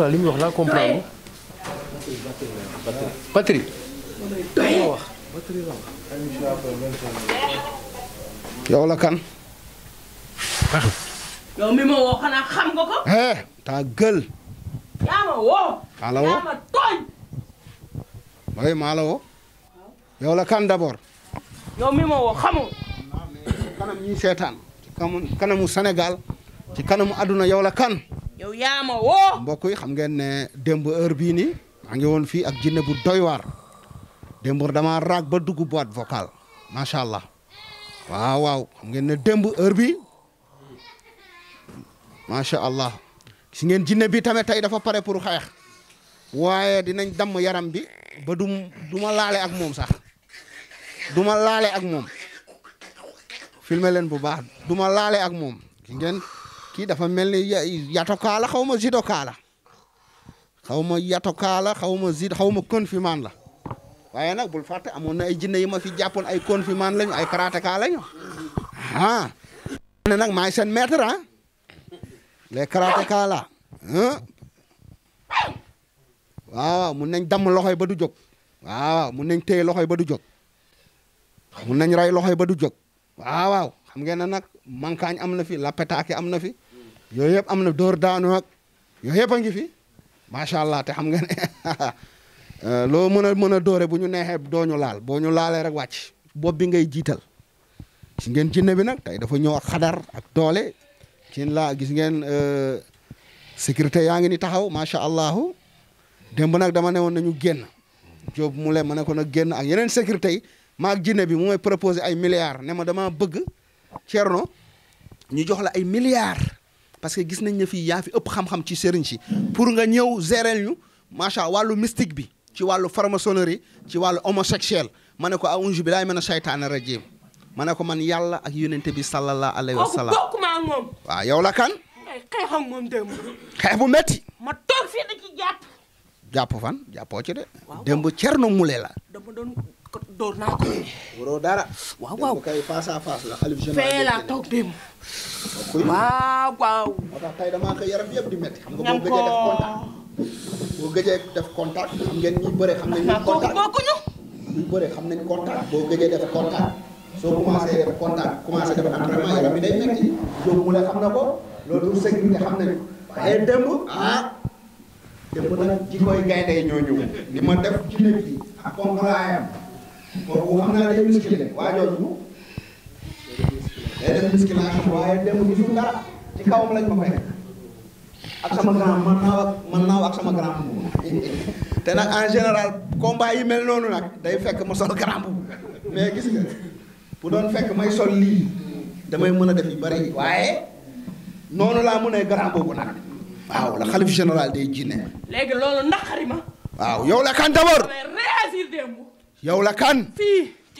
Zahra li muy wax laa comprendre. Patrick. wax. yow la kan. yow mi ma woo xanaa xam nga ko. ta gël. yaa la woo maa la woo. yow la kan d'abord. yow mi ma woo xamoo. kanam ñuy seetaan ci kanamu senegal ci kanamu àdduna yow la kan. yow yaa mbokk yi xam ngeen ne démb heure bii nii. maa ngi woon fii ak jinne bu doy waar. dama raag ba dugg boîte vocale macha allah. waaw waaw xam ngeen ne démb heure bi macha allah. si ngeen jinne bi tamit tey dafa pare pour xeex. waaye dinañ damm yaram bi ba duma laale ak moom sax duma laale ak moom filmer leen bu baax duma laale ak moom dafa mel ni yatokaa la xaw ma judokaa la xaw ma yato la xaw ma zid xaw ma confiman la waaye nag bul fàtte amoon na ay jinne yi ma fi jàppoon ay confiman lañu ay karateka lañu ah ne nag maay seen maître ah les waaw mun nañ damm loxoy ba du jóg waaw mun nañ téye loxoy ba du jóg mun nañ ray loxoy ba du jóg waaw xam ngeen nag mankaañ am na fi la am na fi yooyu yëpp am na dóor daanu ak yooyu yëpp a ngi fi macha allah te xam nga ne euh, loo mën a mën a doore bu ñu neexee doo ñu laal boo ñu laalee rek wàcc bopp bi ngay jiital gis ngeen jinne bi nag tey dafa ñëw ak xadar ak doole ci laa gis ngeen euh, sécurité yaa ngi ni taxaw macha allah bu nag dama ne woon ñu génn Diop mu leen ma ne ko nag génn ak yeneen sécurité yi maag jinne bi mu may proposé ay milliards ne ma dama bëgg Thierno ñu jox la ay milliards. parce que gis nañ ne fii yaa fi ëpp xam-xam ci sëriñ si pour nga ñëw gérer ñu macha wàllu mystique bi ci wàllu franc-maçonnerie ci wàllu homosexuel ma ne ko a'uuzu billaahi mina shaytaani rajiim ma ne ko man yàlla ak yonente bi sallallahu alayhi wa sallam kooku bokk la kan eh, xeex bu metti ma jàpp jàpp fan jàppoo ci de démb cerno mule la ko door naa ko. waroo dara. waaw waaw dem kay face à la. xalif général fee laa toog démb. waaw waaw. moo tax tey damaa ko yaram yëpp di métti. xam nga boo gëjee def contact. boo gëjee def contact xam ngeen ñuy bëre xam nañ ñuy contact bokkuñu. ñuy bëre xam nañ contact boo gëjee def contact. soo commencé def contact commencé def entraînement yaram bi day métti. jóg mu xam na ko. loolu du sécurité xam nañu. waaye démb ah. démb nag ji koy gaynde ñoo ñëw. ma def ci lépp ak comme boobu xam nga day musculé waa jooju day def musculation waaye dem bu jub dara ci kawam lañ ma fekk ak sama grand man naa ak man naaw ak sama grand boobu te nag en général combat yi mel noonu nag day fekk ma sol grand boobu mais gis nga bu doon fekk may sol lii damay mën a def yu bari waaye noonu laa mënee grand boobu nag waaw la xalif général day jinne léegi loolu naqari ma waaw yow la kan d'abord yow la kan.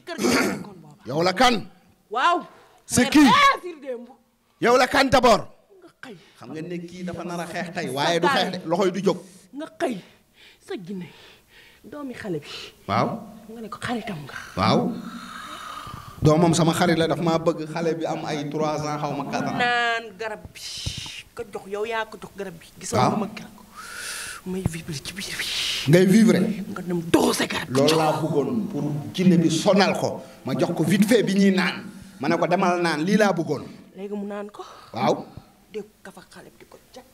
kër gi yow la kan. waaw. c'est yow la kan d'abord. xam nga ne kii dafa nar a xeex tey waaye du xeex de loxo yi du jóg. nga xëy sa ginne doomi xale bi. waaw nga ne ko xaritam nga. waaw. doomam sama xarit la daf maa bëgg xale bi am ay 3 ans xaw ma 4 ans. naan garab bi ko jox yow yaa ko jox garab bi. waaw nga ma may vibrer ci bi. ngay vibrer. nga dem doose garab. loolu laa bëggoon pour jinne ko ma jox ko vite bi ñuy naan ma ne ko demal naan lii laa bëggoon. mu naan ko. waaw. dégg ko jàpp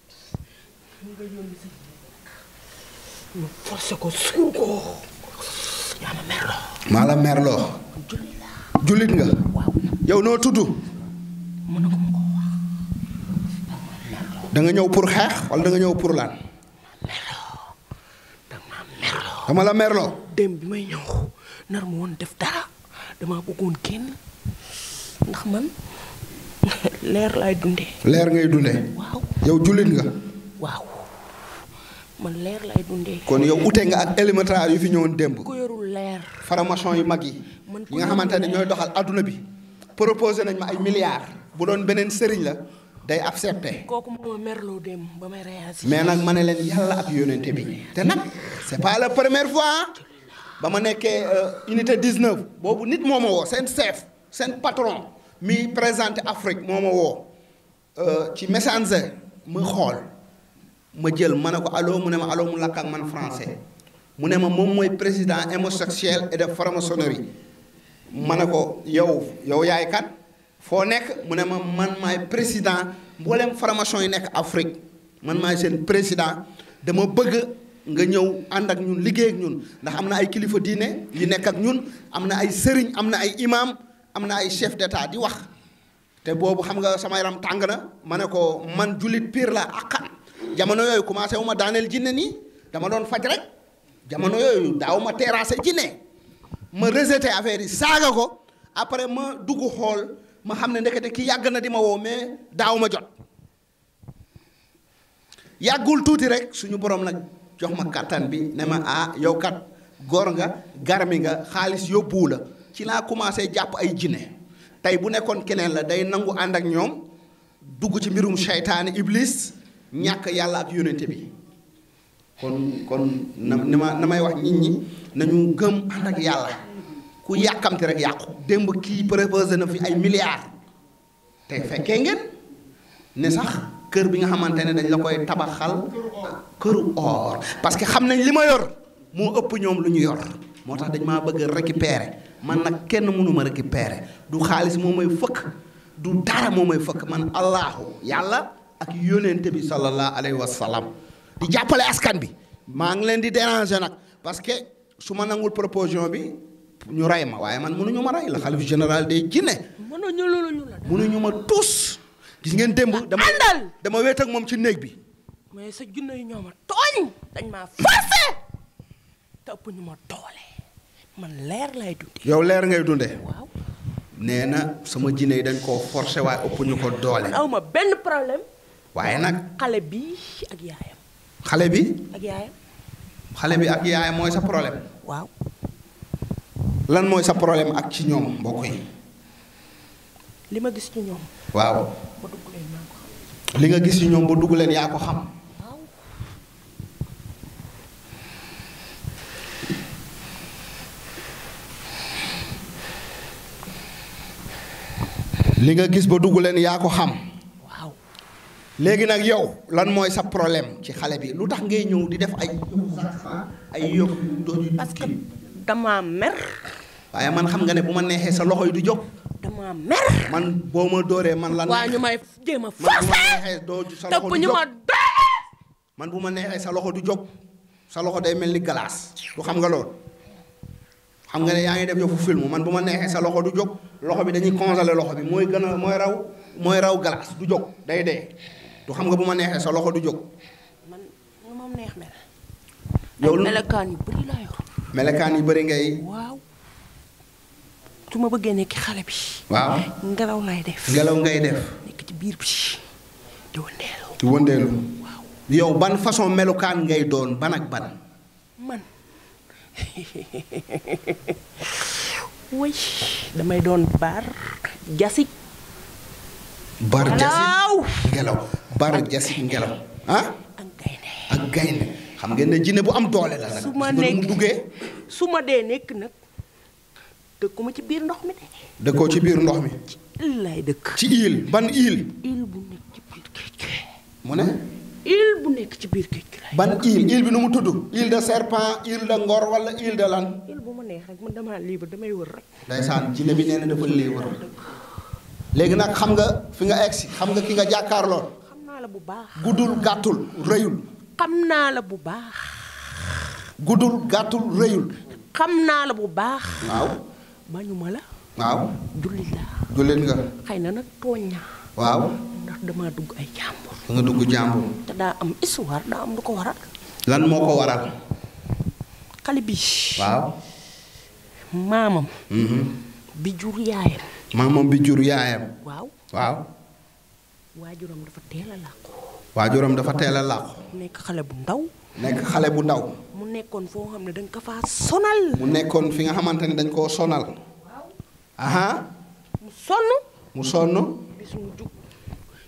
nga yónni sa maa la merloo. jullit nga. waaw yow noo tudd. mën na ñëw pour xeex wala danga ñëw pour laan dama merloo. démb bi may ñëw nar ma woon def dara dama bëggoon génn ndax man leer laay dundee. leer ngay dundee. waaw yow jullit nga. waaw man leer laay dundee. kon yow ute nga ak élémentaire yu fi ñëwoon démb. ku yorul leer. faramason yu mag yi. yi nga xamante ne ñooy doxal àdduna bi. proposé nañ ma ay milliards. bu doon beneen sëriñ la. dey accepté. kooku moo merloo dem ba may réagir. mais nag ma ne leen yàlla ak yónnente bi te nag c'est pas la première fois ba ma nekkee euh, unité 19 boobu nit moo ma woo seen chef seen patron mi présenté Afrique moo ma woo euh, ci messenger ma xool ma jël ma ne ko allo mu ne ma allo mu lakk ak man français mu ne ma moom mooy président homosexuel et de franc-maçonnerie ma ne ko yow yow yaay kat foo nekk mu ne ma man maay président mboolem formation yi nekk Afrique man maay seen président dama bëgg nga ñëw ànd ak ñun liggéey ak ñun ndax am na ay kilifa diine yi nekk ak ñun am na ay sëriñ am na ay imam am na ay chef d'état di wax te boobu xam nga sama yaram tàng na ma ne ko man jullit piir la àqan jamono yooyu commencé wu ma daaneel jinne nii dama doon faj rek jamono yooyu daaw ma terrassé jinne ma rejeté affaire yi saaga ko après ma dugg xool ma xam ne ndekete ki yàgg na di ma woo mais daaw ma jot yàggul tuuti rek suñu boroom nag jox ma kàttan bi ne ma ah yow kat góor nga garmi nga xaalis yóbbuwu la ci laa commencé jàpp ay jinne tey bu nekkoon keneen la day nangu ànd ak ñoom dugg ci mbirum seytaane iblis ñàkk yàlla ak yónnente bi kon kon na na may wax nit ñi nañu gëm ànd ak yàlla ku yàkkamti rek yàqu démb kii proposé na fi ay milliards te fekkee ngeen ne sax kër bi nga xamante ne dañ la koy tabaxal këru or parce que xam nañ li ma yor moo ëpp ñoom lu ñu yor moo tax dañ maa bëgg a récupérer man nag kenn mënu ma récupérer du xaalis moo may fëkk du dara moom may fëkk man allahu yàlla ak yónente bi sallallahu alayhi wa sallam di jàppale askan bi maa ngi leen di déranger nag parce que su ma nangul proposition bi ñu rey ma waaye man mënuñu ma rey la xalif général day jinne mënuñu loolu ñu la mënuñu ma tuus gis ngeen démb ah, dama dama wéet moom ci néeg bi mais sa jinne yi ñoo ma tooñ dañ ma doole man leer lay dunde yow leer ngay dunde na sama jinne yi dañ koo forcé waaye ëpp ñu ko aw ma benn problème waaye nag xale bi ak yaayam xale bi ak yaayam xale bi ak yaayam mooy sa problème waaw lan mooy sa problème ak ci ñoom mbokk yi. li ma gis ci ñoom. waaw. li nga gis ñoom ba dugg leen yaa ko xam. li nga gis ba dugg leen yaa ko xam. waaw. léegi nag yow lan mooy sa problème ci xale bi lu tax ngay ñëw di def ay. ay yóbbu doon parce que dama mer. waaye man xam nga ne bu ma neexee sa loxo yi du jóg. dama mer. man boo ma dooree man lan. waa ñu may jéem a forcer te bu ñu ma man bu ma neexee sa loxo du jóg sa loxo day mel ni glace xam nga loolu. xam nga yaa ngi def yow fu film man bu ma neexee sa loxo du jóg loxo bi dañuy congelé loxo bi mooy gën a mooy raw mooy raw glace du jóg day dee du xam nga bu ma neexee sa loxo du jóg. man moom neex mel. yow melokaan yu bëri laa yor. melokaan yu bari ngay. waaw su ma bëggee nekk xale bi. waaw ngelaw ngay def. ngelaw ngay def. nekk ci biir bi di wëndeelu. di wëndeelu. yow ban façon melokaan ngay doon ban ak ban. man woy damay doon baar jasig baar jasik ngelaw baar jasik ngelaw ah. ak gaynde xam ngeen ne jinne bu am doole la nag. su ma nekk duggee su ma dee nekk nag dëkkuma ci biir ndox mi de. dëkkoo ci biir ndox mi. ci dëkk. ci île ban île. ne. île nekk ci biir gi ban île île bi nu mu tudd. île de serpent île de ngor wala île de lan. île bu ma neex rek man damaa libre damay wër rek. ndeysaan jinne bi nee na dafa lii léegi nag xam nga fi nga egsi xam nga ki nga jàkkaarloo. xam naa la bu baax guddul gàttul rëyul. xam naa la bu baax. guddul gàttul rëyul. xam naa la bu baax. waaw. bañuma la. waaw. jullit laa. jullit nga. xëy na nag tooñ naa. waaw. ndax damaa dugg ay jàmbur. da dugg jàmbur. te daa am histoire daa am lu ko waral. lan moo ko waral. xale bi. waaw. maamam. Mm-hmm. bi jur yaayam. maamam bi jur yaayam. waaw. waajuram dafa teel waa waajuram dafa teel a làqu. nekk xale bu ndaw. nekk xale bu ndaw. mu nekkoon foo xam ne dañ ko faa sonal. mu nekkoon fi nga xamante ne dañ koo sonal. aha mu sonn. mu sonn. bis mu jug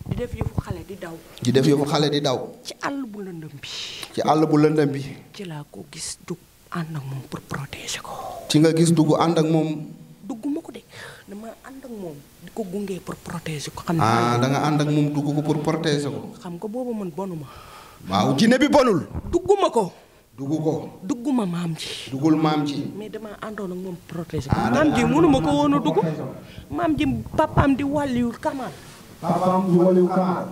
di def yëfu xale di daw. di def yëfu xale di daw. ci àll bu lëndëm bi. ci àll bu lëndëm bi. ci laa ko gis dugg ànd ak moom pour protéger ko. ci nga gis dugg ànd ak moom. dugguma ko de dama ànd ak moom. di ko gunge pour protéger ko. xam ah, ne ah da nga ànd ak moom dugg ko pour protéger ko. xam ko boobu man bonuma waaw jinne bi bonul. dugguma ko. dugg ko. dugguma maam ji. duggul maam ji. mais dama àndoon ak moom protéger ko. Ah, maam ko woon a dugg. maam ji papaam di wàlliyu kamal. papaam di wàlliyu kamal.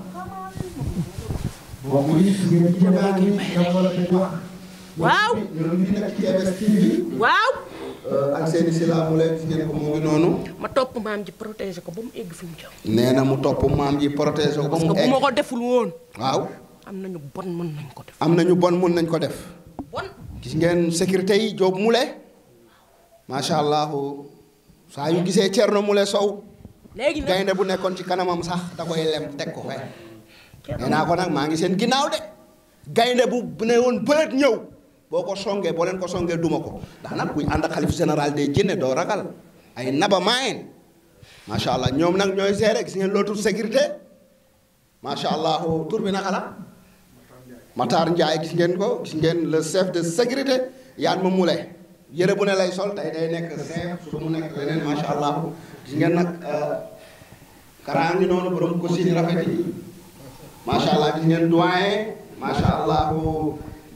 waaw ñu euh, ak seen i silaa ngeen ko mu ngi noonu ma topp maam ji protéger ko ba mu egg fi mu jëm nee na mu topp maam ji protéger ko ba mu egg parce que bu ma ko deful woon waaw am nañu bon mën nañ ko def am nañu bon mën nañ ko def bon gis ngeen sécurité yi Jóob macha allah saa yu gisee Thierno Moule Sow léegi nag gaynde bu nekkoon ci kanamam sax da koy lem teg ko ko nag maa ngi seen ginnaaw de gaynde bu ne woon bëreet ñëw boo ko songee boo leen ko songee duma ko ndax nag buñ ànd ak xalif général day jënne doo ragal ay naba maayen macha allah ñoom nag ñooy seere gis ngeen loolu tur sécurité macha allah tur bi naka la Matar Ndiaye gis ngeen ko gis ngeen le de sécurité yaan ma mule yëre bu ne lay sol tey day nekk chef su nekk leneen macha allah gis ngeen nag euh, karaa noonu borom ko si rafet yi macha gis ngeen doyen macha allah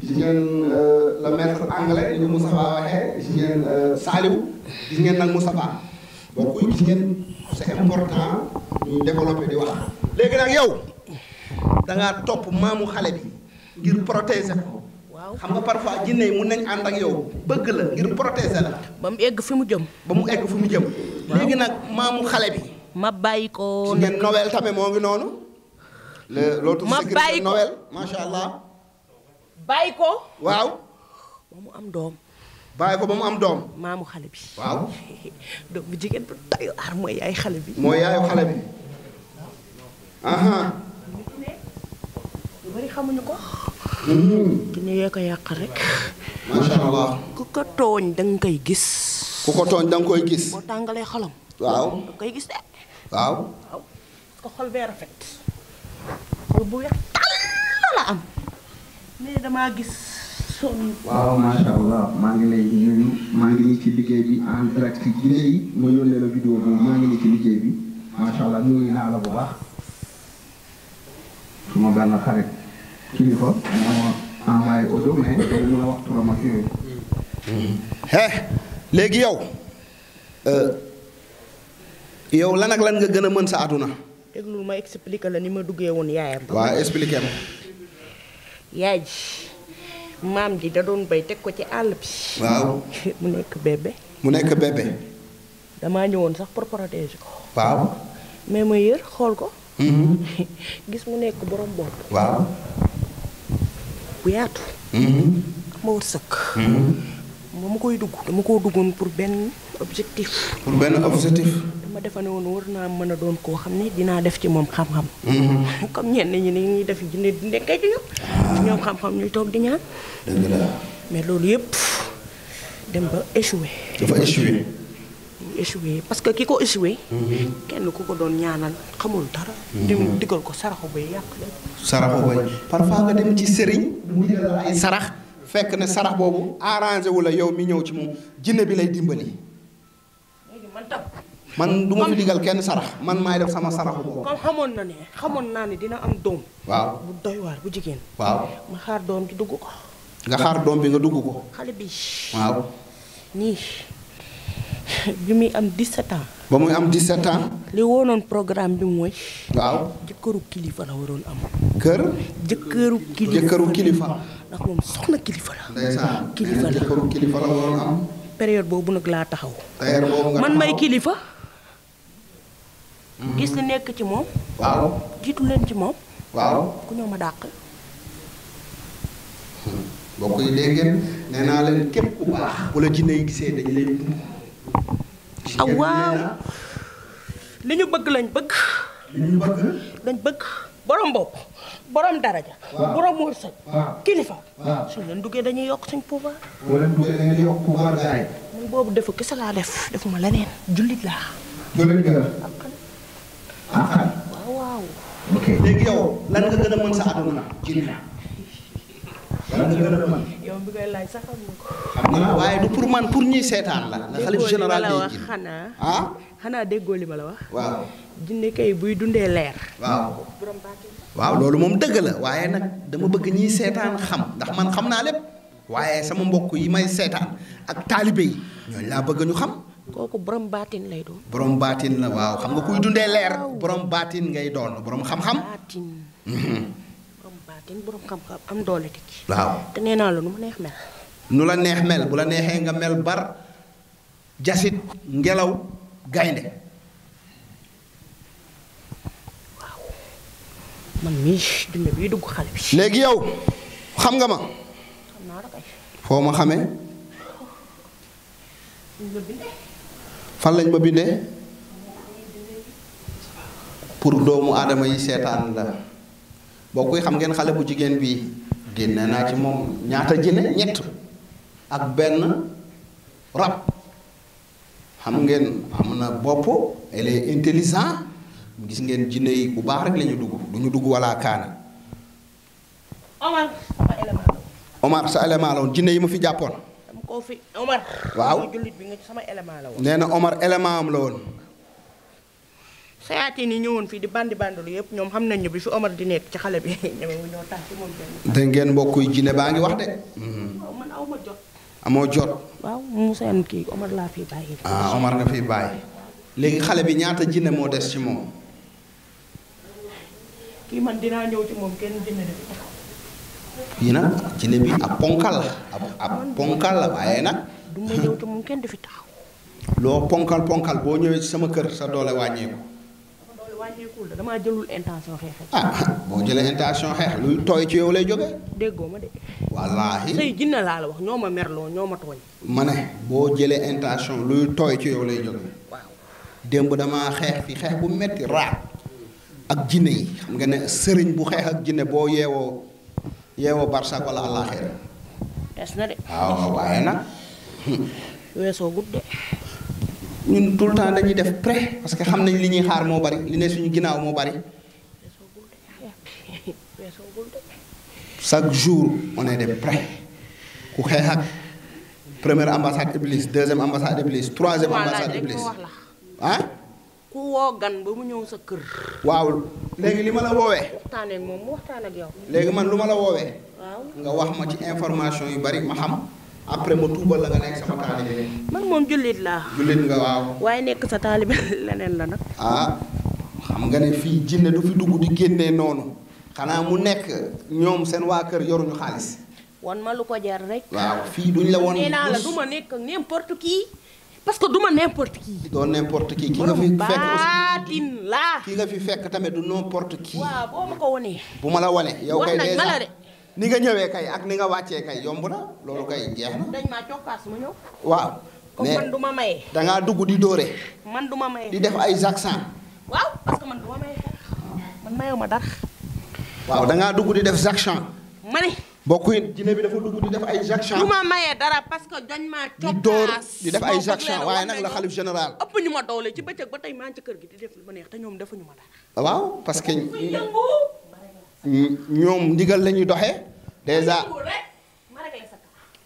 gis la euh, le maître anglais ñu Moustapha waxee gis ngeen euh, Saliou nag Moustapha donc gis ngeen c'est important ñu développer di wax. léegi nag yow da topp maamu xale bi ngir protéger waaw xam nga parfois jinne yi mun nañ ànd ak yow bëgg la ngir protéger la. ba mu egg fi mu jëm. ba mu egg fi mu jëm. léegi nag maamu xale bi. ma bàyyi ko. gis ngeen Noël tamit moo ngi noonu. le l'autre sécurité Noël macha allah. bàyyi ko. waaw. ba mu am doom. bàyyi ko ba mu am doom. maamu xale bi. waaw. doom bu jigéen bu dayu aar mooy yaay xale bi. mooy yaayu xale bi. lu bari xamuñu ko. Hmm. yee ko yàq rek. macha allah. ku ko tooñ da koy gis. ku ko tooñ da nga koy gis. boo tàngalee xolam. waaw da koy gis de. waaw. waaw. ko xol bee rafet. bu weex tàll la am. mais damaa gis sonn. waaw macha allah maa ngi lay nuyu ci liggéey bi en direct ci léegi ma maa ngi liggéey bi macha allah naa la bu baax. la wax turam ak yooyu. he léegi yow. Euh, yow lan ak lan nga gën a mën sa àdduna. déglul ma expliqué la ni ma duggee woon yaayam. waaw expliqué ma. yaay ji maam ji da doon bay teg ko ci àll bi. waaw mu nekk bébé. mu nekk bébé. damaa ñëwoon sax pour ko. waaw. mais ma yër xool ko. Mm-hmm. gis mu nekk borom bopp. waaw. bu yaatu. ma mm-hmm. wër sëkk. ma mm-hmm. ma koy dugg. dama koo duggoon pour benn. objectif. pour benn objectif. dama defa ne woon war naa mën a doon koo xam ni dinaa def ci moom xam-xam. Mm-hmm. comme ñenn ñi ni ñuy def jinne di nekkee ñoom. ñoom xam-xam di ñaan. mais loolu yëpp dem ba échoué. parce que ki ko échoué. Mm-hmm. kenn ko doon ñaanal xamul dara. dem mm-hmm. ko saraxu bay yàq saraxu bay parfois nga sarax. fekk ne sarax boobu arrangé wu yow mi ñëw ci moom jinne bi lay dimbali. man du ma digal kenn sarax man maay def sama saraxu bopp. comme xamoon na ne xamoon naa ne dina am doom. waaw bu doy waar bu jigéen. waaw ma xaar doom bi nga xaar doom bi dugg ko. xale bi. waaw. nii bi muy am 17 ans. ba muy am 17 ans. li woonoon programme bi mooy. waaw jëkkëru kilifa la waroon am. kër. jëkkëru kilifa la. ndeysaan kilifa la jëkkëru kilifa la waroon am. période boobu nag laa taxaw. man may kilifa. Mm. gis li nekk ci moom. waaw jiitu leen ci moom. waaw ku ñëw ma dàq. mbokk yi dégg ngeen nee naa leen képp ku baax. wala jinne yi gisee dañ leen. ah waaw li ñu bëgg lañ bëgg. li ñu bëgg. lañ bëgg. borom bopp borom daraja. borom wërsëg. kilifa. suñ leen duggee dañuy yokk suñ pouvoir. boo leen duggee da boobu dafa kese laa def defuma leneen jullit laa. Ah, ah. léegi yow lan nga gën a mën sa àdduna la. lan nga gën a mën. yow bi ngay laaj sax waaye du pour man pour ñuy seetaan la. la xalif général bi xanaa. Ah? xanaa déggoo li ma la wax. waaw. jinne kay buy dundee leer. waaw waaw loolu moom dëgg la waaye nag dama bëgg ñiy seetaan xam ndax man xam naa lépp waaye sama mbokk yi may seetaan ak taalibe yi ñooñu laa bëgg ñu xam. kooku borom baatin lay doon. borom baatin la waaw xam nga kuy dundee leer borom baatin ngay doon borom xam-xam. baatin. Mhm. borom xam-xam am waaw te nee naa la nu ma neex mel. nu la neex mel bu la neexee nga mel bar jasit ngelaw gaynde man dugg léegi yow xam nga ma. foo ma xame fan lañ ma bindee. pour doomu aadama yi seetaan la boo koy xam ngeen xale bu jigéen bi génne naa ci moom ñaata jinne ñett ak benn rab xam ngeen am na bopp elle intelligent gis ngeen jinne yi bu baax rek lañu ñu dugg du ñu dugg wala kaana. Omar sama élément sa élément la woon jinne yi ma fi jàppoon. dama Omar. waaw sama élément la woon. nee na Omar am la woon. sayaatiin yi ñëwoon fii di bandi bandilu yëpp ñoom xam nañu bi fi Omar di nekk ci xale bi ñeme wu ngeen mbokkuy jinne baa ngi wax de. jot. amoo jot. waaw Moussa kii Omar laa fi ah, fi bàyyi. léegi xale bi ñaata jinne moo des ci moom. kii man dinaa ñëw ci moom kenn dina def taxaw. kii nag jinne bi ab ponkal la ab ponkal la waaye nag. du ma ñëw ci moom kenn daf taxaw. loo ponkal ponkal boo ñëwee ci sama kër sa doole wàññeeku. damaa jëlul intention xeex. ah boo jëlee intention xeex luy tooy ci yow lay jógee. déggoo ma de. wallaahi say jinne laa la wax ñoo ma merloo ñoo ma tooñ. ma ne boo jëlee intention luy tooy ci yow lay jógee. démb damaa xeex fi xeex bu metti raak. ak jinne yi xam nga ne sëriñ bu xeex ak jinne boo yeewoo yeewoo barsak wala àllaaxira des na waaw waaye nag weesoo gudd de ñun tout le temps dañuy def pré parce que xam nañ li ñuy xaar moo bari li ne suñu ginnaaw moo bari chaque jour on de près ku xeex ak première ambassade Iblis deuxième ambassade Iblis troisième ambassade Iblis ah ku woo gan ba mu ñëw sa kër. waaw léegi li ma la woowee. waxtaanee moom mu waxtaan ak léegi man lu ma la woowee. waaw nga wax ma ci information yu bari ma xam. après ma tuubal la nga nekk sama taalibe. man moom jullit laa. jullit nga waaw. waaye nekk sa taalibe leneen la nag. ah xam nga ne fii jinne du fi dugg di génnee noonu. xanaa mu nekk ñoom seen waa kër yoruñu xaalis. wan ma lu ko jar rek. waaw fii duñ la woon. nee ma nekk n'importe qui. parce que duma n'importe kii doo n'importe kii ki nga fi fekk baatin laa ki nga fi fekk tamit du n'importe qui. waaw boo ma ko wanee. bu ma la wane yow kay dèjà ni nga ñëwee kay ak ni nga wàccee kay yomb na loolu kay jeex na. dañ maa cokkaas ma ñëw. waaw mais man du dugg di dóore. man du ma di def ay jackson. waaw parce man du ma maye man mayewu ma dara. waaw da dugg di def jackson. ma ne. mbokk yi jinne bi dafa dugg di def ay Jacques Chan. du ma maye dara parce que dañ maa coppaas. di door def ay Jacques waaye nag la xalif général. ëpp ñu ma doole ci bëccëg ba tey maa ngi ci kër gi di def lu ma neex te ñoom defuñu ma dara. waaw parce que ñoom ndigal lañuy doxe doxee.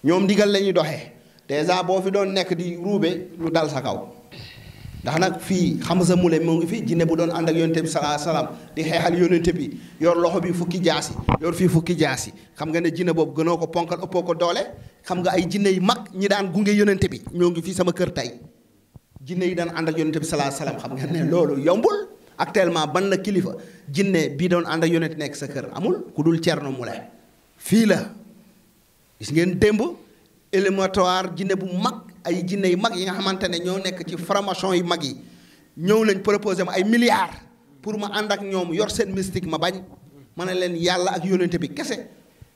ñoom ndigal lañuy ñuy doxee. dèjà boo fi doon nekk di ruube lu dal sa kaw. ndax nag fii xam sa Moulay moo ngi fii jinne bu doon ànd ak yonente bi salaa salaam di xeexal yonente bi yor loxo bi fukki jaasi yor fii fukki jaasi xam nga ne jinne boobu gënoo ko ponkal ëppoo ko doole xam nga ay jinne yu mag ñi daan gunge yonente bi ñoo ngi fii sama kër tey jinne yi daan ànd ak yonente bi salaa xam nga ne loolu yombul actuellement ban la kilifa jinne bii doon ànd ak yonente nekk sa kër amul ku dul Thierno Moulay fii la gis ngeen démb jinne bu mag ay jinne yu mag yi nga xamante ne ñoo nekk ci formation yu mag yi ñëw nañ proposé ma ay milliards pour ma ànd ak ñoom yor seen mystique ma bañ ma ne leen yàlla ak yónnente bi kese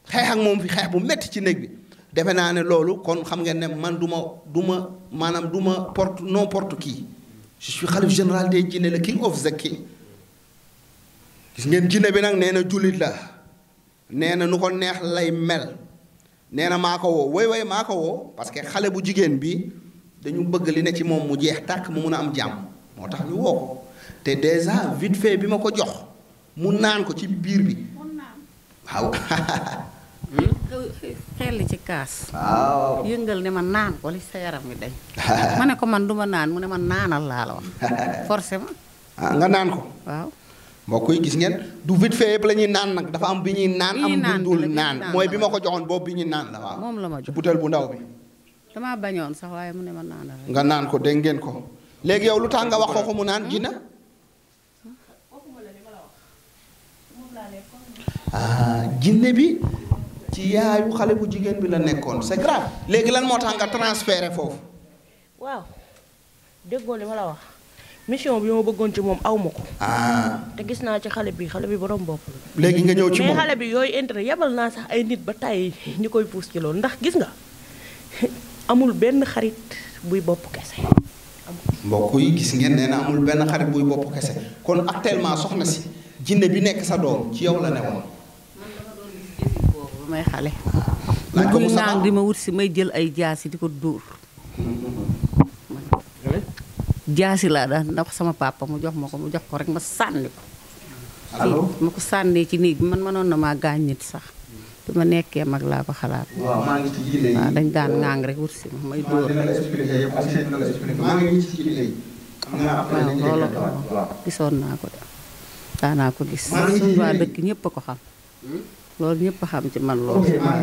xeex ak moom fi xeex bu metti ci néeg bi defe naa ne loolu kon xam ngeen ne man du ma du ma maanaam du ma porte non porte kii je suis xalif général des jinne le king of the ngeen jinne bi nag nee na jullit la nee na nu ko neex lay mel nee na maa ko woo way way maa ko woo parce que xale bu jigéen bi dañu bëgg li ne ci moom mu jeex tàkk mu mun a am jàmm moo tax ñu woo ko te déjà vite fait bi ma ko jox mu naan ko ci biir bi waaw. xel ci kaas. waaw yëngal ne ma naan ko sa yaram wi dañ. ma ne ko man du ma naan mu ne ma naanal laa la wax forcément. Ah, nga naan ko waaw. moo koy gis ngeen du vite fait yëpp la ñuy naan nag dafa am bi ñuy naan am bu naan mooy bi ma ko joxoon boobu bi ñuy naan la waaw moom la ma butéel bu ndaw bi damaa bañoon sax waaye mu ne ma naan la nga naan ko dégg ko léegi yow lu tax nga wax ko mu naan gina ah, jinne bi ci yaayu xale bu jigéen bi la nekkoon c'est grave léegi lan moo tax nga transféré foofu wax mission bi ma bëggoon ci moom awma ma ko. Ah. te gis naa ci xale bi xale bi borom bopp la. léegi nga ñëw ci moom mais xale bi yooyu intérêt yebal naa sax ay nit ba tàyyi ñu koy puus ci loolu ndax gis nga amul benn xarit buy bopp kese. mbokk yi gis ngeen nee na amul benn xarit buy bopp kese kon actuellement soxna si jinne bi nekk sa doom ci yow xale. Ah. di ma wut si may jël ay jaas jaasi di ko dóor. Hmm. jaasi laa daan ndax sama papa mu jox ma ko mu jox ko rek ma sànni ko. ma ko sànnee ci néeg bi man mënoon na maa gaañ nit sax. bi ma nekkee mag laa ko xalaat. waaw dañ daan ŋaang rek wut si ma may dóor. dina la naa après gisoon naa ko de daanaa ko gis. maa ngi waa dëkk ñëpp a ko xam. Hmm? loolu ñëpp xam ci man loolu. ok maa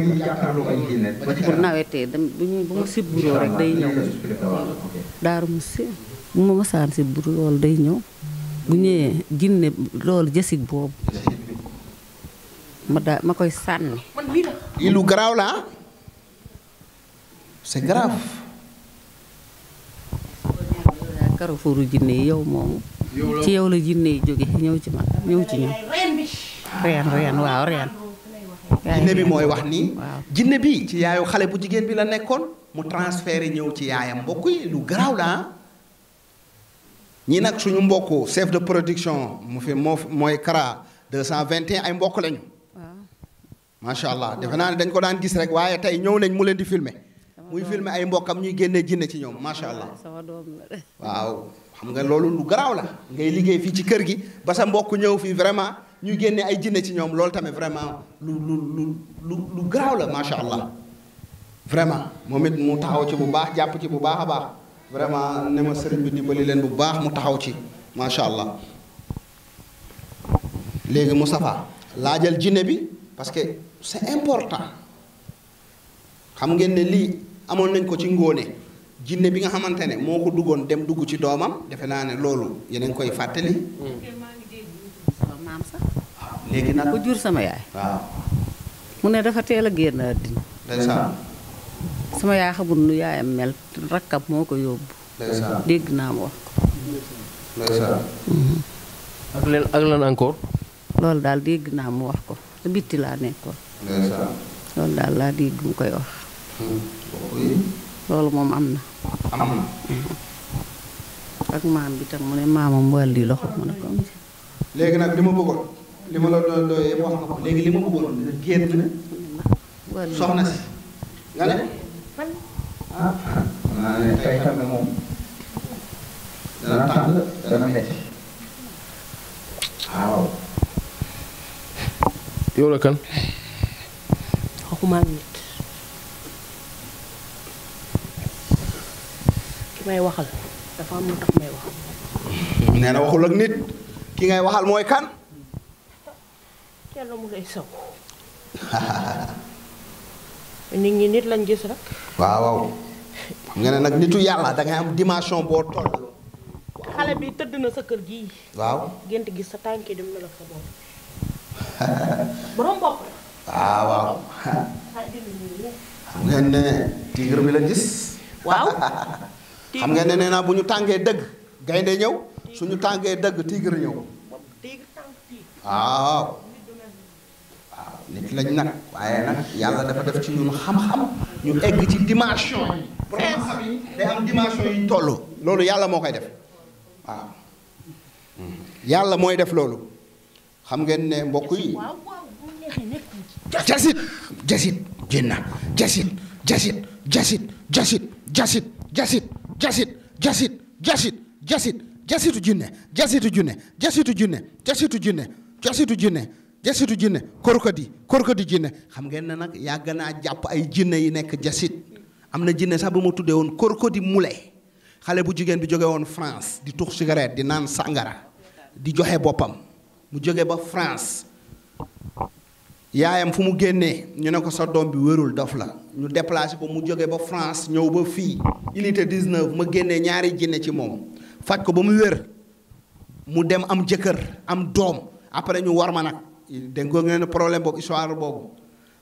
bu nawetee bu ma sibburoo rek day daaru mu bu ma masaan bu loolu day ñëw bu ñëwee ginne loolu jësig boobu ma daa ma koy sànni. lu garaaw la ah. c'est grave. carrefouru jinne yi yow moomu. ci yow la jinne yi jóge ñëw ci man ñëw ci ñoom. reen reen waaw reen. jinne bi mooy wax nii. waaw jinne bi ci yaayu xale bu jigéen bi la nekkoon mu transféré ñëw ci yaayam mbokk yi lu garaaw laa ah. ñii nag suñu mbokk chef de production mu fi moo mooy CRA 221 ay mbokk lañu. macha allah defe naa ne dañ ko daan gis rek waaye tey ñëw nañ mu leen di filmer muy filmer ay mbokkam ñuy génnee jinne ci ñoom macha allah. waaw xam nga loolu lu garaaw la ngay liggéey fii ci kër gi ba sa mbokk ñëw fii vraiment ñuy génne ay jinne ci ñoom loolu tamit vraiment lu lu lu lu lu garaaw la macha allah. vraiment moom it mu taxaw ci bu baax jàpp ci bu baax a baax. vraiment ne ma sëriñ bi dimbali leen bu baax mu taxaw ci macha allah léegi mu Moustapha laajal jinne bi parce que c'est important xam ngeen ne lii amoon nañ ko ci ngóone jinne bi nga xamante ne moo ko duggoon dem dugg ci doomam defe naa ne loolu yeneen koy fàttali. maam sax. léegi nag ko jur sama yaay. mu ne dafa teel a génn àddina. ndeysaan. sama yaa xamul nu yaayam mel rakkab moo ko yóbbu. dégg naa ma wax mm-hmm. ko. loolu daal dégg naa mu wax ko te bitti laa nekkoon. loolu daal laa dégg mu koy wax. Mm-hmm. loolu moom am na. ak maam bi tam mu ne maamam wàllu loxo mu ne ko. léegi nag li ma bëggoon li ma la doon doyee wax nga ko léegi li ma bëggoon génn soxna si. nga ne. ah yow la kan. waxuma ak nit. may waxal dafa am lu tax may wax. nee na waxul ak nit. ki ngay waxal mooy kan. kenn mu ngay sow. nit ñi nit lañ gis rek. waaw waaw xam nga ne nag nitu yàlla dangay am dimension boo toll. xale bi tëdd na sa kër gi waaw gis sa tànk dem na la fa ah, waaw waaw. ngeen ne tigre bi la gis. waaw. xam ngeen ne nee naa bu ñu tàngee dëgg. gaynde ñëw suñu tàngee dëgg tigre ñëw. Ah, waaw. nit lañ nag waaye nag yàlla dafa def ci ñun xam-xam ñu egg ci dimension yi borom xam yi day am dimension yi toll loolu yàlla moo koy def waaw yàlla mooy def loolu xam ngeen ne mbokk yi jasit jasit jénna jasit jasit jasit jasit jasit jasit jasit jasit jasit jasit jasitu junne jasitu junne jasitu junne jasitu junne jasitu junne jasitu jinne korkodi korkodi jinne xam ngeen ne nag yàgg naa jàpp ay jinne yi nekk jasit am na jinne sax bu ma tuddee woon korkodi mule xale bu jigéen bi jóge woon France di tux cigarette di naan sàngara di joxe boppam mu jóge ba France yaayam fu mu génnee ñu ne ko sa doom bi wérul dof la ñu déplacé ba mu jóge ba France ñëw ba fii unité 19 ma génnee ñaari jinne ci moom faj ko ba mu wér mu dem am jëkkër am doom après ñu war ma nag koo ngeen problème boobu histoire boobu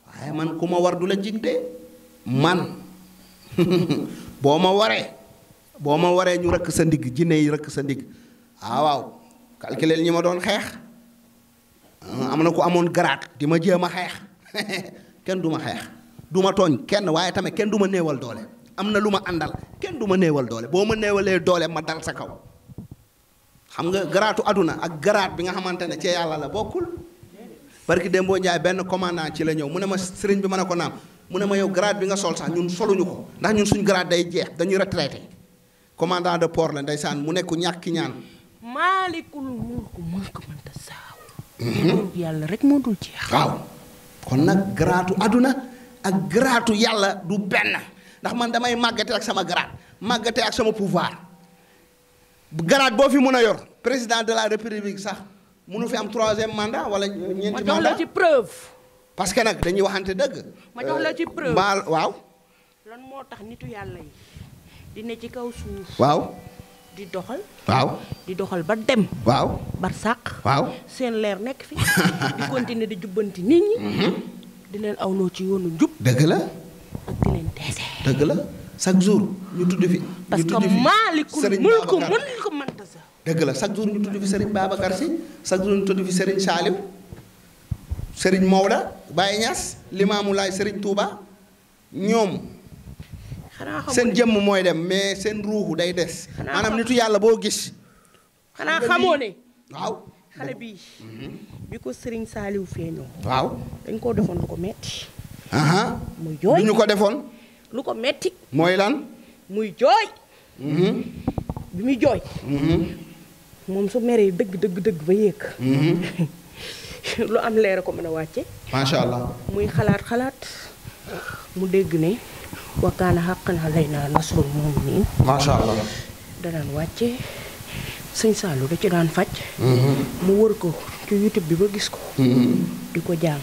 waaye man ku ma war du la jig de man boo ma waree boo ma waree ñu rëkk sa ndigg jinne yi rëkk sa ndigg ah waaw calculeel ñi ma doon xeex ah, am na ku amoon garaat di ma jéem a xeex kenn du ma xeex du ma tooñ kenn waaye tamit kenn du ma néewal doole am na lu ma àndal kenn du ma néewal doole boo ma néewalee doole ma dal sa kaw xam nga garaatu àdduna ak garaat bi nga xamante ne ci yàlla la bokkul barki dem boo njaay benn commandant ci la ñëw mu ne ma sëriñ bi man ne ko naam mu ne ma yow grade bi nga sol sax ñun soluñu ko ndax ñun suñu grade day jeex dañuy retraité commandant de port la saan mu nekku ñàkki ñaan. maalikul mulku mulku man tasaaw. Mhm. yàlla rek moo dul jeex. waaw kon nag gratu àdduna ak gratu yàlla du benn ndax man damay màggate ak sama grade màggate ak sama pouvoir grade boo fi mën a yor président de la république sax. mënu fi am troisième mandat wala ñeenti mandat ma jox la ci preuve. parce que nag dañuy waxante dëgg. ma jox la ci preuve mbaal waaw. lan moo tax nitu yàlla yi di ci kaw suuf. waaw. di doxal. waaw di doxal ba dem. waaw bar sàq. waaw seen leer nekk fi. di continuer di jubbanti nit ñi. Mhm. di leen awloo ci yoonu njub. dëgg la. ak di leen teese. dëgg la chaque jour ñu tudd fi. ñu tudd fi parce que maalikul mulku mun ko mënta sa dëgg la chaque jour ñu tudd fi Serigne Babacar Sy chaque jour ñu tudd fi Serigne Saliou Serigne Maoda Baye Niass Limaamu Laay Serigne Touba ñoom. seen jëmm mooy dem mais seen ruuxu day des. maanaam nitu yàlla boo gis. xanaa xamoo ne. waaw xale bii. Mhm. bi ko Serigne Saliou feeñoo. waaw dañ koo defoon lu ko metti defoon. lu ko metti mooy lan. muy jooy. Mhm. bi muy jooy. Mhm. moom su meree dëgg dëgg dëgg ba yéeg. Mhm. lu am leer a ko mën a wàcce. macha allah muy xalaat xalaat mu dégg ne wakkaana xàqan lay naa nasrul moom nii. macha allah danaan wàcce sëñ Saalu da ci daan faj. Mhm. mu wër ko ci YouTube bi ba gis ko. Mhm. di ko jàng.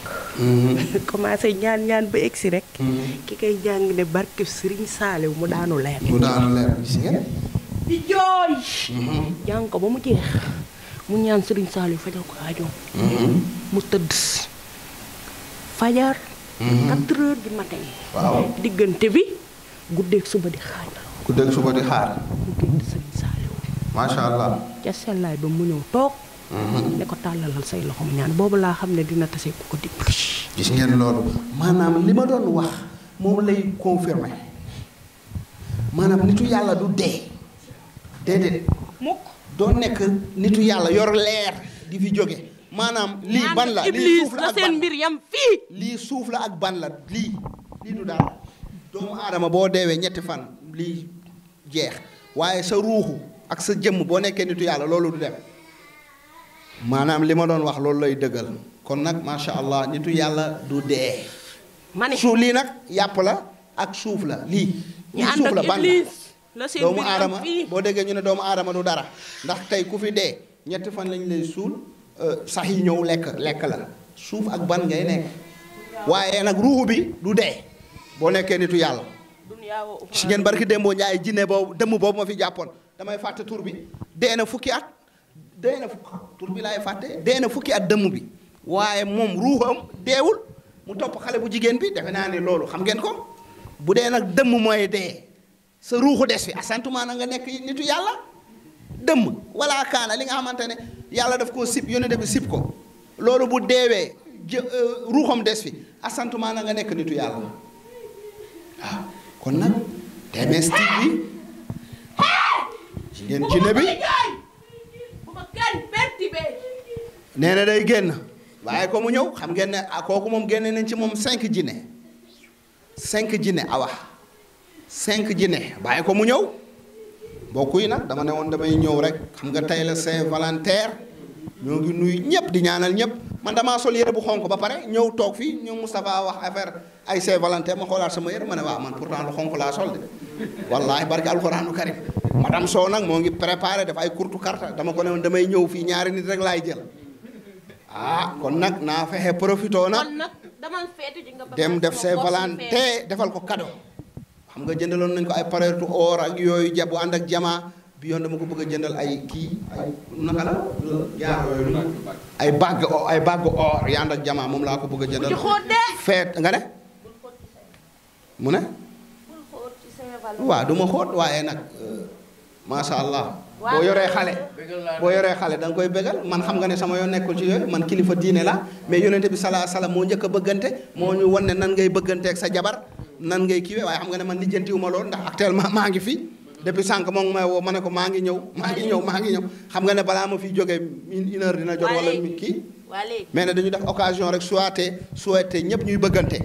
commencé ñaan ñaan ba egsi rek. ki koy jàng ne barke Sëriñ Saaliw mu daanu leer. mu daanu leer gis ngeen. di jooy. jàng ko ba mu jeex mu ñaan Serigne Saliou fajal ko aajoom. Mm-hmm. mu tëdd fajar. 4 mm-hmm. heures du matin. diggante bi guddeeg suba di xaar. guddeeg suba di xaar. mu allah. ca sellaay ba mu ñëw toog. Mm-hmm. ne ko tàllalal say loxo mu ñaan boobu laa xam ne dina tase ku ko dimbali. gis ngeen loolu maanaam li ma doon wax moom lay confirmer maanaam nitu yàlla du dee déedéet mukk doo nekk nitu yàlla yor leer di fi jóge maanaam lii ban la lii suuf la ak mbir yam lii suuf la ak ban la lii lii du daal doomu aadama boo deewee ñetti fan lii jeex waaye sa ruuxu ak sa jëmm boo nekkee nitu yàlla loolu du dem maanaam li ma doon wax loolu lay dëggal kon nag macha allah nitu yàlla du dee suuf lii nag yàpp la ak suuf la lii lii suuf la ban la seen doomu aadama boo déggee ñu ne doomu aadama du dara ndax tey ku fi dee ñetti fan lañu lay suul euh, sax yi ñëw lekk lekk la suuf ak ban ngay nekk waaye nag ruuxu bi du dee boo nekkee nitu yàlla si ngeen barki démboo njaay jinne boobu dëmm boobu ma fi jàppoon damay fàtte tur bi dee na fukki at dee na fukki tur fàtte dee fukki at dëmm bi waaye moom am deewul mu topp xale bu jigéen bi defe naa ne loolu xam ngeen ko bu dee nag dëmm mooy dee sa ruuxu des fi asantumaa na nga nekk nitu yàlla dëmm wala kaana li nga xamante ne yàlla def koo sib yónnent bi sib ko loolu bu deewee jë euh, ruuxam des fi asantumaa na nga nekk nitu yàlla waaw kon nag TMS TV bi na day génn waaye ko mu ñëw xam ngeen ne kooku moom génne nañ ci moom cinq jinne cinq jinne awa cinq ne bàyyi ko mu ñëw mbokk yi nag dama ne woon damay ñëw rek xam nga tey la Saint-Valentin ñoo ngi nuyu ñëpp di ñaanal ñëpp man damaa sol yére bu xonk ba pare ñëw toog fii ñoom Moustapha wax affaire ay Saint-Valentin ma xoolaat sama yére ma ne waa man pour pourtant lu xonk laa sol de wallaahi barke alxuraanu karim madame soo nag moo ngi préparé def ay kurtu karta dama ko ne woon damay ñëw fii ñaari nit rek laay jël ah kon nag naa fexe profité na dem def Saint-Valentin defal ko cadeau. xam nga jëndaloon nañ ko ay pareetu or ak yooyu ja bu ànd ak jamaa bi yoon dama ko bëgg a jëndal ay kii ay naka la jaar yooyu bàgg ay bàgg moom laa ko bëgg a jëndal feet nga ne mu ne waaw du ma xóot waaye nag euh, macha allah boo yoree xale boo yoree xale danga koy bégal man xam nga ne sama yoon nekkul ci yooyu man kilifa diine la mais yonente bi salaa salaam moo njëkk a bëggante moo ñu won ne nan ngay bëgganteeg sa jabar nan ngay kiiwee waaye xam nga ne man lijjantiwu ma ndax actuellement maa ngi fii depuis sànq moom may woo ma ne ko maa ngi ñëw maa ngi ñëw maa ngi ñëw xam nga ne balaa ma fiy jógee une heure dina jot wala mi kii mais ne dañu def occasion rek souhaité souhaité ñépp ñuy bëggante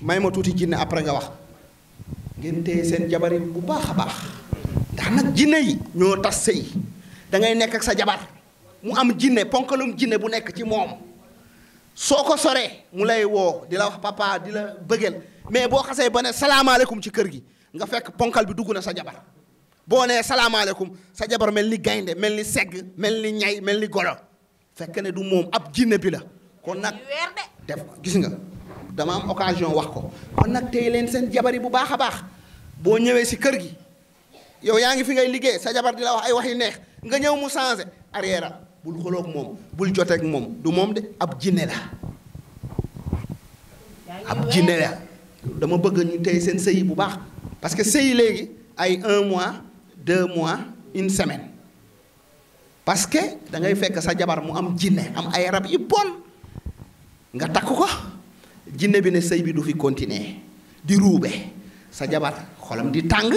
may ma tuuti jinne après nga wax ngeen téye seen jabar yi bu baax a baax ndax nag jinne yi ñoo tas sëy da ngay nekk ak sa jabar mu am jinne ponkalum jinne bu nekk ci moom soo ko soree mu lay woo di wax papa di la bëggeel mais boo xasee ba ne salaamaaleykum ci kër gi nga fekk ponkal bi dugg na sa jabar boo nee salaamaaleykum sa jabar mel ni gaynde mel ni segg mel ni ñay mel ni golo fekk ne du moom ab jinne bi la kon nag gis nga dama am occasion wax ko kon nag tey seen jabar yi bu baax a baax boo ñëwee si kër gi yow yaa ngi fi ngay liggéey sa jabar di la ay wax yu neex nga ñëw mu changé arrière bul xoloog moom bul joteeg moom du moom de ab jinne la ab jinne la dama bëgg ñu tey seen sëy bu baax parce que sëy léegi ay un mois deux mois une semaine parce que da ngay fekk sa jabar mu am jinne am ay rab yu bon nga takk ko jinne bi ne sëy bi du fi continuer di ruube sa jabar xolam di tàng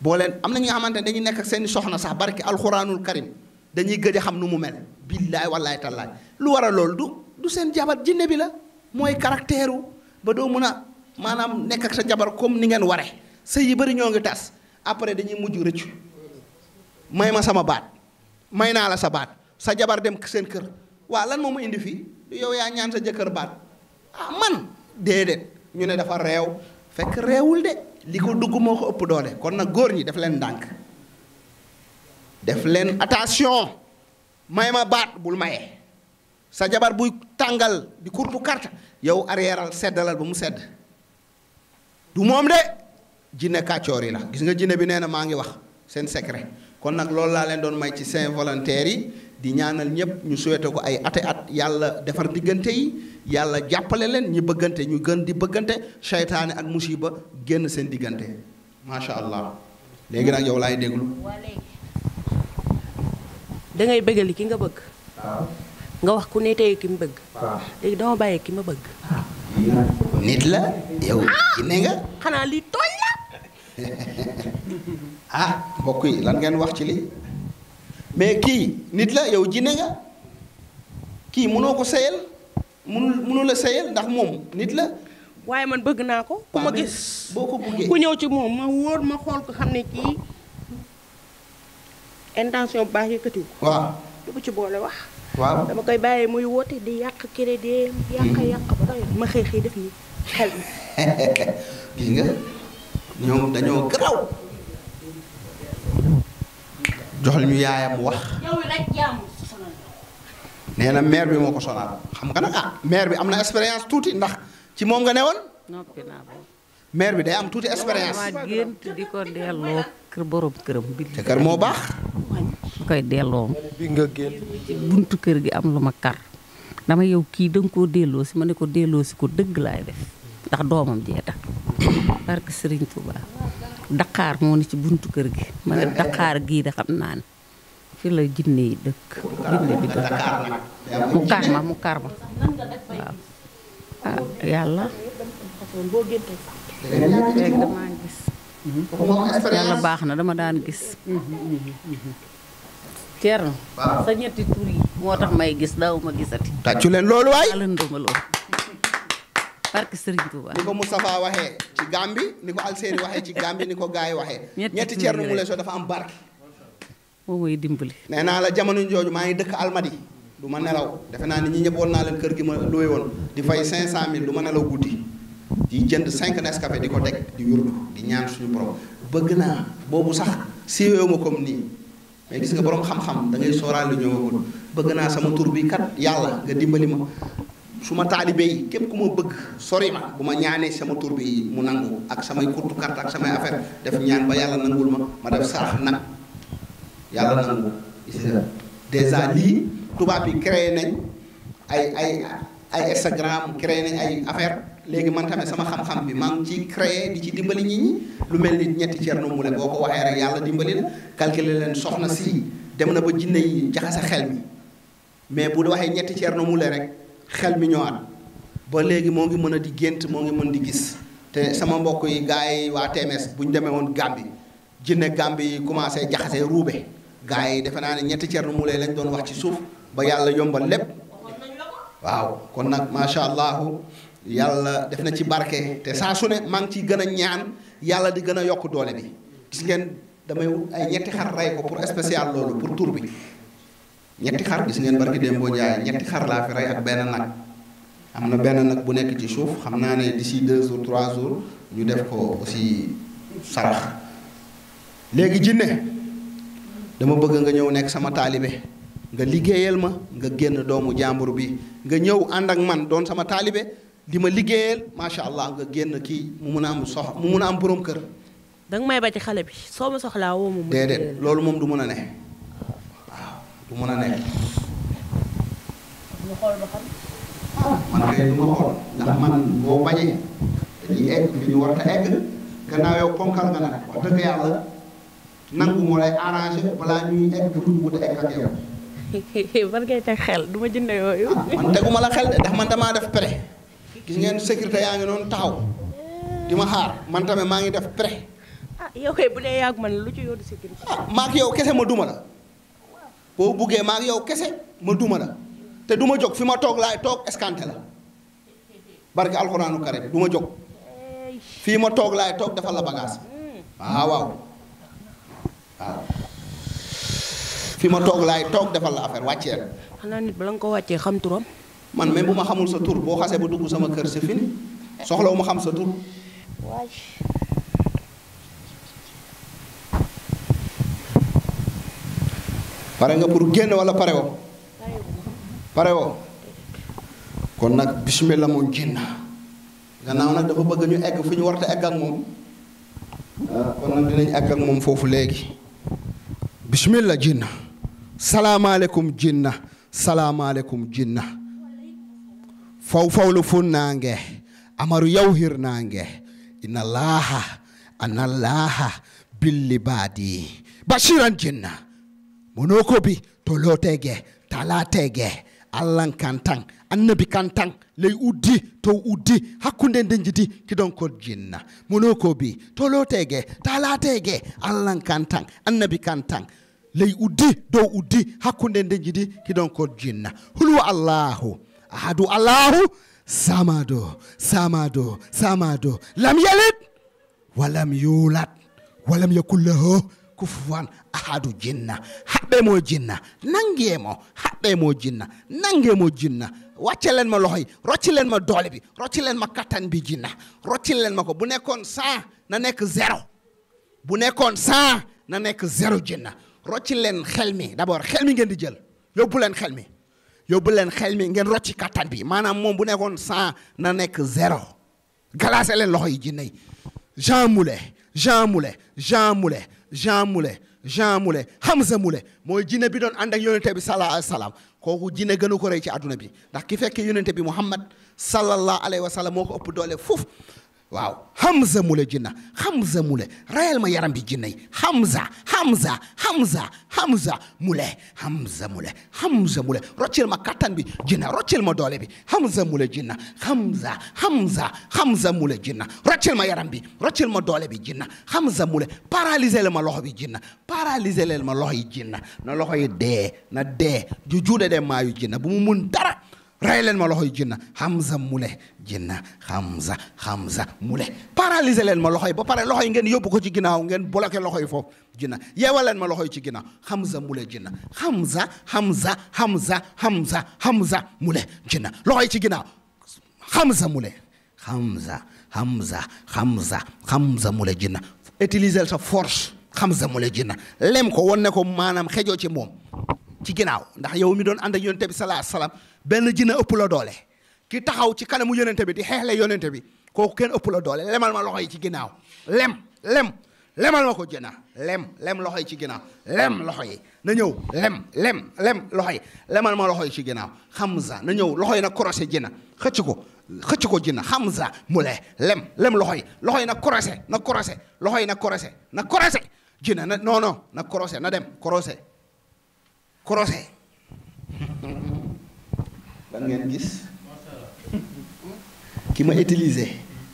boo leen am na ñi xamante ne dañuy nekk ak seen soxna sax barki alxuraanul karim dañuy gëj a xam nu mu mel billaay wallaay tallaay lu war a loolu du seen jabar jinne bi la mooy caractère ba doo mun a maanaam nekk ak sa jabar comme ni ngeen ware sëy yi bëri ñoo ngi tas après dañuy mujj rëccu may ma sama baat may naa la sa baat sa jabar dem seen kër waa lan moo ma indi fii yow yaa ñaan sa jëkkër baat ah man déedéet ñu ne dafa réew fekk réewul de li ko dugg moo ko ëpp doole kon nag góor ñi def leen ndànk def leen attention may ma baat bul maye sa jabar buy tàngal di kurtu carte yow arrièreal seddalal ba mu sedd du moom de jinne kàccoor yi la gis nga jinne bi nee na maa ngi wax seen secret kon nag loolu laa leen doon may ci seen volontaire yi di ñaanal ñëpp ñu souhaité ko ay ate at yàlla defar diggante yi yàlla jàppale leen ñi bëggante ñu gën di bëggante seytaane ak musiba génn seen diggante macha allah léegi nag yow laay déglu. waa léegi da ki nga bëgg. nga wax ku ne tey ki mu bëgg. léegi dama bàyyi ki ma bëgg. Ah. nit la yow ah! jinne nga xanaa lii tooñ la ah mbokk yi lan ngeen wax ci li mais kii nit la yow jinne nga kii mënoo ko seyal mënul mënul a seyal ndax moom nit la waaye man bëgg naa ko ku ma gis boo ko bëggee ku ñëw ci moom ma wóor ma xool ko xam ne kii intention bu baax yëkkatiw waaw du ko ci boole wax waaw dama koy bàyyi muy woote di yàq crédit yàq mm-hmm. yàq ba doy ma xëy xëy def ni xel mi. gis nga ñoom dañoo garaw joxal ñu yaayam wax. nee na maire bi moo ko sonal xam nga nag ah maire bi am na expérience tuuti ndax ci moom nga ne noppi naa ko. maire bi day am tuuti expérience. waaw gént di ko delloo kër borom këram. te kër moo baax. koy delloo bi nga génn buntu kër gi am lu ma kar dama yow kii da koo delloo si ma ne ko delloo si ko dëgg laay def ndax doomam jee tax barke Sëriñ Tuuba Dakar ci buntu kër gi ma ne Dakar gii de xam la jinne yi dëkk ah, gis mm-hmm. yàlla baax na dama daan gis mm-hmm. Mm-hmm. Thierno sa ñetti tur moo tax may gis daaw ma gisati. tàccu leen loolu waay alënduma loolu. barke Serigne Touba. ni ko Moustapha waxee ci Gambi ni ko Alseri waxee ci Gambi ni ko gars yi waxee. ñetti Thierno Moule Sow dafa am barke. moo mooy dimbali. nee naa la jamono jooju maa ngi dëkk Almadi du ma nelaw defe naa ni ñi ñëpp naa leen kër gi ma luwe woon di fay 500000 du ma nelaw guddi di jënd 5 Nescafé di ko teg di yurdu di ñaan suñu borom bëgg naa boobu sax siiwee ma comme mais gis nga boroom xam-xam da ngay sóoraal lu ñëwagul bëgg naa sama tur bi kat yàlla nga dimbali ma su ma taalibee yi képp ku ma bëgg sori ma bu ma ñaanee sama tur bi mu nangu ak samay kurtu carte ak samay affaire def ñaan ba yàlla nangul ma ma def sarax nag yàlla nangu gis nga dèjà lii tubaab yi créé nañ ay ay ay Instagram créé nañ ay affaire léegi man tamit sama xam-xam bi maa ngi ci créé di ci dimbali nit ñi lu mel ni ñetti Thierno Moule boo ko waxee rek yàlla dimbali la calculer leen soxna si dem na ba jinne yi jaxase xel mi mais bu waxee ñetti Thierno Moule rek xel mi ñëwaat ba léegi moo ngi mën a di gént moo ngi mën di gis te sama mbokk yi gars waa TMS bu ñu demee woon Gambie jinne Gambie yi commencé jaxase ruube gars yi defe naa ne ñetti Thierno mule lañ doon wax ci suuf ba yàlla yombal lépp waaw kon nag macha allah. yàlla def na ci barke te saa su ne maa ngi ciy gën a ñaan yàlla di gën a yokk doole bi gis ngeen damay ay ñetti xar rey ko pour spécial loolu pour tur bi ñetti xar gis ngeen barki démboo jaay ñetti xar laa fi rey ak benn nag am na benn nag bu nekk ci suuf xam naa ne d'ici deux jours trois jours ñu def ko aussi sarax léegi jinne dama bëgg nga ñëw nekk sama taalibe nga liggéeyal ma nga génn doomu jàmbur bi nga ñëw ànd ak man doon sama taalibe di ma liggéeyal macha allah nga génn kii mu mun a am sox mu mun a am boroom kër. danga may ba xale bi soo ma soxlaa woo ma. déedéet loolu moom du mun a ne waaw du mun a ne. ñu ah, du ma xool ndax man boo bañee dañuy egg fi ñu war egg gannaaw yow ponkal nga nag wax dëgg yàlla nangu moo lay arrangé balaa ñuy egg fu ñu wut a egg ak xel du ma jënd yooyu. Ah, man teguma la xel de ndax man damaa def pare gis ngeen sécurité yaa ngi noonu taxaw di ma xaar man tamit maa ngi def pré. ah bu dee yàgg man lu ci yoonu sécurité. ah maa ak yow kese ma duma la boo buggee maa ak yow kese ma duma la te duma ma jóg fi ma toog laay toog escanté la barke alxuraanu karim du ma jóg fii ma toog laay toog defal la bagaas hmm. ah, waaw waaw ah. fi ma toog laay toog defal la affaire wàcceel. xanaa nit bala nga ko wàccee xam turam. man même bu ma xamul sa tur boo xasee ba dugg sama kër c'est fini soxlawu ma xam sa tur. pare nga pour génn wala pare woo. pare woo. kon nag bismillah moom génn gannaaw nag dafa bëgg ñu egg fu ñu warta egg ak moom. Ah, kon nag dinañ egg ak moom foofu léegi. bismillah jinna salaamaaleykum jinna salaamaaleykum jinna fawfawlu funnaange amaru yawhirnaange inna laaha anna laaha billi baadi bashiran jinna monokobi tolotege talatege allan kantan annabi kantan ley uddi tow uddi hakkunde nde jidi kidonkol jinna monokobi tolotege talatege allan kantan annabi kantan ley uddi dow uddi hakkunde nde jidi kidonkol jinna hulwa allahu ahadu allahu samado samado samado lam yalid walam yulad walam yakul lahu kufuwan ahadu jinna haɓɓe mo jinna nange mo haɓɓe mo jinna nange mo jinna wàcce leen ma loxo yi rocci leen ma doole bi rocci leen ma kattan bi jinna rocci leen ma ko bu nekkoon saa na nekk zéro bu nekkoon cent na nekk zéro jinna rocci leen xel mi d'abord xel mi ngeen di jël yóbbu leen xel mi yóbbu leen xel mi ngeen rocci kattan bi maanaam moom bu nekkoon cent na nekk zéro glacé leen loxo yi jinne yi Jean Moulé Jean Moulé Jean Moulé Jean Moulé Jean Moulé Hamza Moulé mooy jinne bi doon ànd ak yonente bi sallallahu alayhi wa kooku jinne gënu ko rëy ci àdduna bi ndax ki fekkee yonente bi Muhammad sallallahu alayhi wa sallam moo ko ëpp doole foofu waaw Hamza mu la jinna Hamza mu la rayal ma yaram bi jinna yi Hamza Hamza Hamza Hamza mu la Hamza mu la Hamza mu la roccel ma kattan bi jinna roccel ma doole bi Hamza mu la jinna Hamza Hamza Hamza mu la jinna roccel ma yaram bi roccel ma doole bi jinna Hamza mu la paralysé la ma loxo bi jinna paralysé la ma loxo yi jinna na loxo yi dee na dee ju juude de maayu jinna bu mu mun dara rey leen ma loxoy jinna Hamza mule jinna Hamza Hamza mule paralyser leen ma loxoy ba pare loxoy ngeen yóbbu ko ci ginnaaw ngeen bloqué loxoy foofu jinna yeewal leen ma loxoy ci ginnaaw Hamza mule jinna Hamza Hamza Hamza Hamza Hamza mule jinna loxoy ci ginnaaw Hamza mule Hamza Hamza Hamza Hamza mule jinna utiliser sa force Hamza mule jinna lem ko won ne ko maanaam xejoo ci moom ci ginnaaw ndax yow mi doon ànd ak yonent salaa salaam benn jinne ëpp la doole ki taxaw ci kanamu yonente bi di xeexle yonente bi kooku kenn ëpp la doole lemal ma loxoy ci ginnaaw lem lem lemal ma ko jëna lem lem loxo yi ci ginnaaw loxo yi na ñëw lem lem loxo yi lemal ma loxo yi ci ginnaaw Hamza na ñëw loxo yi nag croisé jëna xëcc ko xëcc ko jëna Hamza mu le lem lem loxo yi loxo yi nag croisé na croisé loxo yi nag croisé na croisé jina na non non na croisé na dem croisé croisé da ngeen gis ki ma utilisé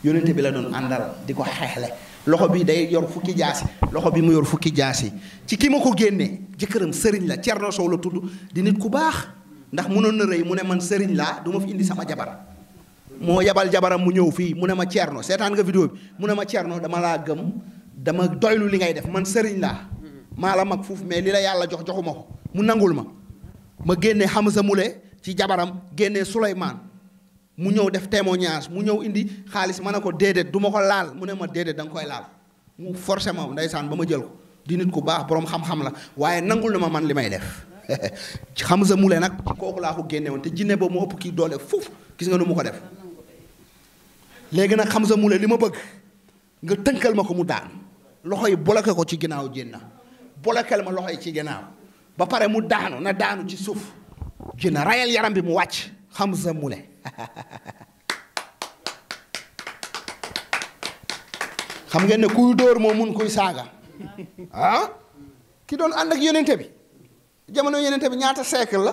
yónnente bi la doon àndal di ko xeexle loxo bii day yor fukki jaasi loxo bii mu yor fukki jaasi ci ki ma ko génnee jëkkëram sëriñ la Thierno Sow la tudd di nit ku baax ndax mënoon na rëy mu ne man sëriñ laa duma ma fi indi sama jabar moo yabal jabaram mu ñëw fii mu ne ma Thierno seetaan nga vidéo bi mu ne ma noo dama laa gëm dama doylu li ngay def man sëriñ laa maa la mag fuuf mais li la yàlla jox joxuma ko mu nangul ma ma génne Hamza Moulé ci jabaram génnee Souleymane mu ñëw def témoignage mu ñëw indi xaalis ma ne ko déedéet du ma ko laal mu ne ma déedéet da koy laal mu forcé ma ndeysaan ba ma jël ko di nit ku baax boroom xam-xam la waaye nangul na ma man li may def xam sa mule nag kooku laa ko génne woon te jinne boobu mu ëpp kii doole foofu gis nga nu mu ko def léegi nag xam sa mule li ma bëgg nga tënkal ma ko mu daan loxo yi bloqué ko ci ginnaaw jénna bloqué ma loxo yi ci ginnaaw ba pare mu daanu na daanu ci suuf jën rayal yaram bi mu wàcc Hamza mu ne xam ngeen ne kuy dóor moo mun kuy saaga ah ki doon ànd ak yonente bi jamono yonente bi ñaata siècle la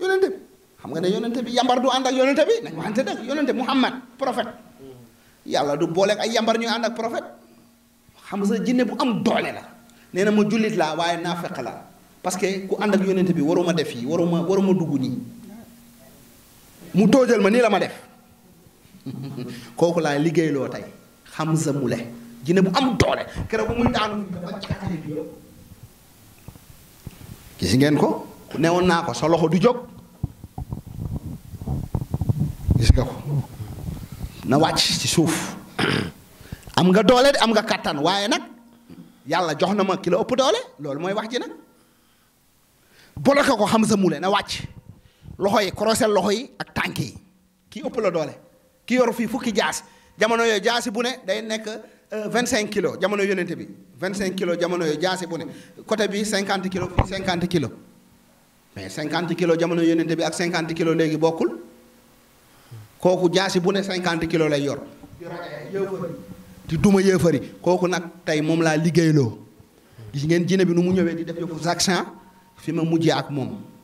yonente bi xam nga ne yonente bi yambar du ànd ak yonente bi nañ waxante dëgg yonente Muhammad yàlla du booleeg ay yambar ñuy ànd ak prophète Hamza jinne bu am doole la nee na ma jullit laa waaye naafeq la parce que ku ànd ak yónnent bi waruma def yi waruma waruma dugg nii mu toojal ma nii la ma def kooku laa liggéeyloo tey xam Moule jinne bu am doole keroog bu muy daanu bi gis ngeen ko newoon naa ko sa loxo du jóg gis nga ko na wàcc ci suuf am nga doole am nga kàttan waaye nag yàlla jox na ma ki la ëpp doole loolu mooy wax ji nag bloqué ko xam sa mu Moulé na wàcc loxo yi croisé loxo yi ak tànk yi kii ëpp la doole ki yor fii fukki jaas jamono yooyu jaasi bu ne day nekk euh, vingt cinq kilos jamono yonente bi vingt cinq kilos jamono yooyu jaasi bu ne côté bi cinquante kilos fii cinquante kilos mais cinquante kilos jamono yonente bi ak cinquante kilos léegi bokkul kooku jaasi bu ne cinquante kilos lay yor di duma yéefari kooku nag tey moom laa liggéeyloo gis ngeen jine bi nu mu ñëwee di def yëfu vaccin fi ma mujjee ak moom